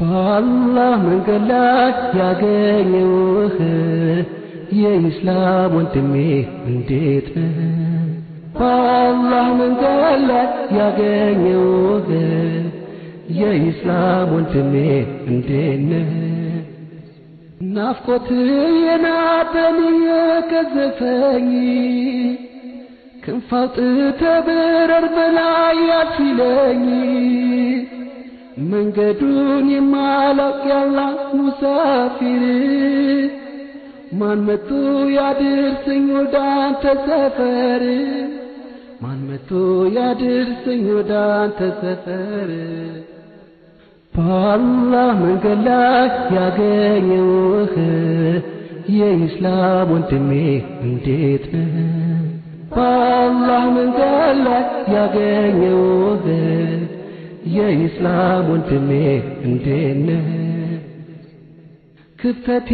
በአላህ መንገድ ላይ ያገኘውህ የኢስላም ወንድሜ እንዴት ነህ? በአላህ መንገድ ላይ ያገኘውህ የኢስላም ወንድሜ እንዴት ነህ? ናፍቆት የናበን የገዘፈኝ ክንፋውጥ ተብረር በላይ ያሲለኝ መንገዱን የማላውቅ ያላ ሙሳፊር ማን መቶ ያድርሰኝ ወደ ሰፈር ማን መቶ ያድርሰኝ ወደ ሰፈር በአላህ መንገድ ላይ ያገኘውህ የኢስላም ወንድሜ እንዴት ነህ? በአላህ መንገድ ላይ ያገኘውህ የኢስላም ወንድሜ እንዴነ ክፍተቴ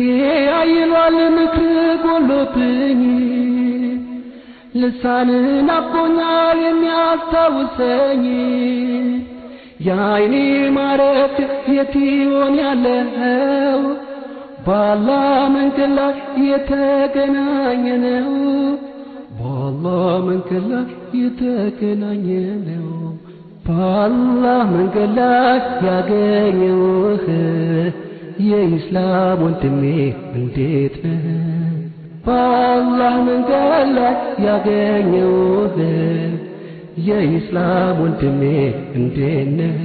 አይሏል ምክር ጎሎብኝ ልሳንን አቦኛል የሚያስታውሰኝ የአይኔ ማረፍ የት ይሆን ያለው ባላ መንገድ ላይ የተገናኘነው ባላ መንገድ ላይ ነው። በአላህ መንገድ ላይ ያገኘውህ የኢስላም ወንድሜ እንዴት ነህ? በአላህ መንገድ ላይ ያገኘውህ የኢስላም ወንድሜ እንዴት ነህ?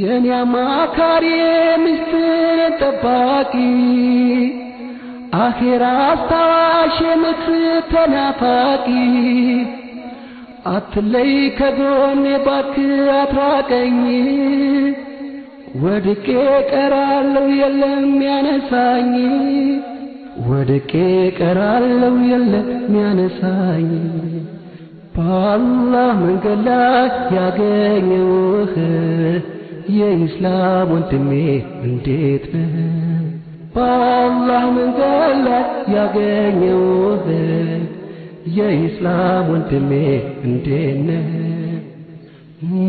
የኔ አማካሪ ምስጢር ጠባቂ አኼራ አስታዋሽ ተናፋቂ አትለይ ከጎኔ ባክ አትራቀኝ፣ ወድቄ ቀራለው የለም ያነሳኝ፣ ወድቄ ቀራለው የለም ያነሳኝ። በአላህ መንገድ ላይ ያገኘውህ የኢስላም ወንድሜ እንዴት ነህ? በአላህ መንገድ ላይ ያገኘውህ የኢስላም ወንድሜ እንዴነ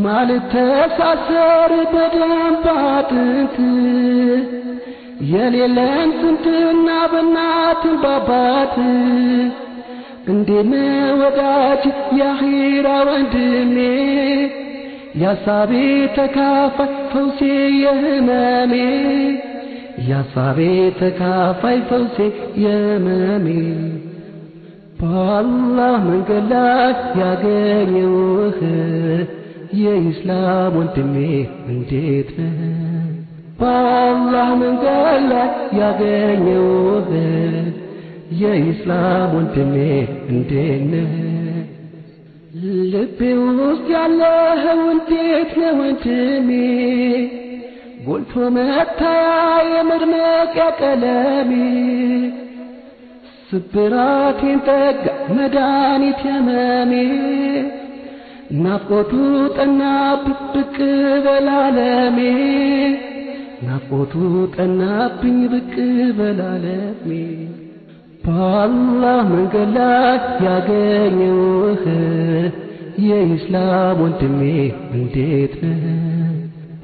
ማልተሳሰር በደንብ አጥንት የሌለን ስንትና በናትን ባባት እንዴነ ወዳጅ የአኺራ ወንድሜ ያሳቤ ተካፋይ ፈውሴ የህመሜ ያሳቤ ተካፋይ ፈውሴ የህመሜ በአላህ መንገድ ላይ ያገኘውህ የኢስላም ወንድሜ እንዴት ነህ? በአላህ መንገድ ላይ ያገኘውህ የኢስላም ወንድሜ እንዴት ነህ? ልቤ ውስጥ ያለኸው እንዴት ነህ ወንድሜ? ጎልቶ መታያ የመድመቂያ ቀለሜ ስብራቴን ጠጋ መድኃኒት ያመሜ ናፍቆቱ ጠና ብቅ በላለሜ ናፍቆቱ ጠናብኝ ብቅ በላለሜ በአላህ መንገድ ላይ ያገኘውህ የኢስላም ወንድሜ እንዴት ነህ?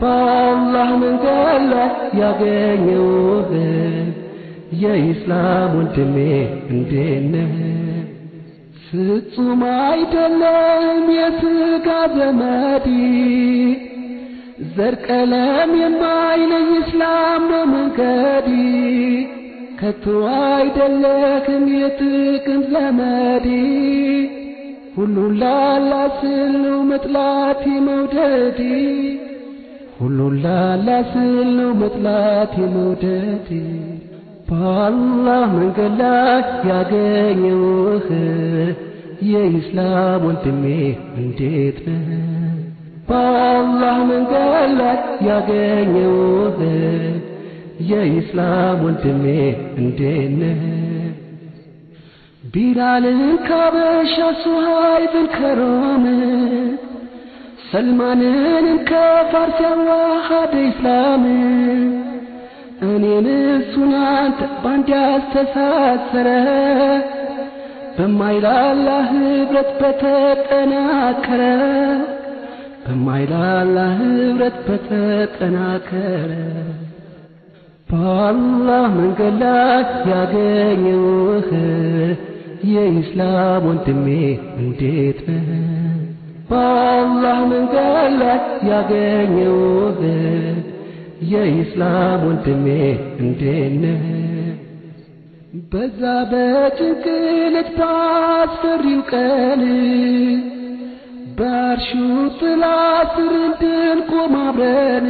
በአላህ መንገድ ላይ ያገኘውህ የኢስላም ወንድሜ እንዴነህ ፍጹም አይደለም የሥጋ ዘመድ ዘር ቀለም የማይለይ እስላም ነው መንገድ ከቶ አይደለክም የጥቅም ዘመድ ሁሉን ላላ ስለው መጥላት መውደድ ሁሉን ላላ ስለው መጥላት መውደድ በአላህ መንገድ ላይ ያገኘውህ የኢስላም ወንድሜ እንዴት ነህ? በአላህ መንገድ ላይ ያገኘውህ የኢስላም ወንድሜ እንዴት ነህ? ቢላልን ካበሻ ሱሃይብን ከሮም ሰልማንን ከፋርስ ያዋሃደ ኢስላም እኔን እሱን ባንድ ያስተሳሰረ በማይላላ ህብረት በተጠናከረ በማይላላ ህብረት በተጠናከረ በአላህ መንገድ ላይ ያገኘውህ የኢስላም ወንድሜ እንዴት ነህ? በአላህ መንገድ ላይ ያገኘውህ የኢስላም ወንድሜ እንዴነ በዛ በጭንቅለት ባስፈሪው ቀን በአርሹ ጥላ ስር እንድንቆም አብረን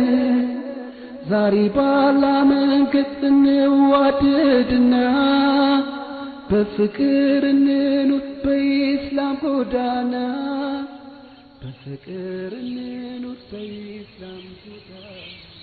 ዛሬ ባላ መንገድ እንዋደድና በፍቅር እንኑር በኢስላም ጎዳና በፍቅር እንኑር በኢስላም ጎዳና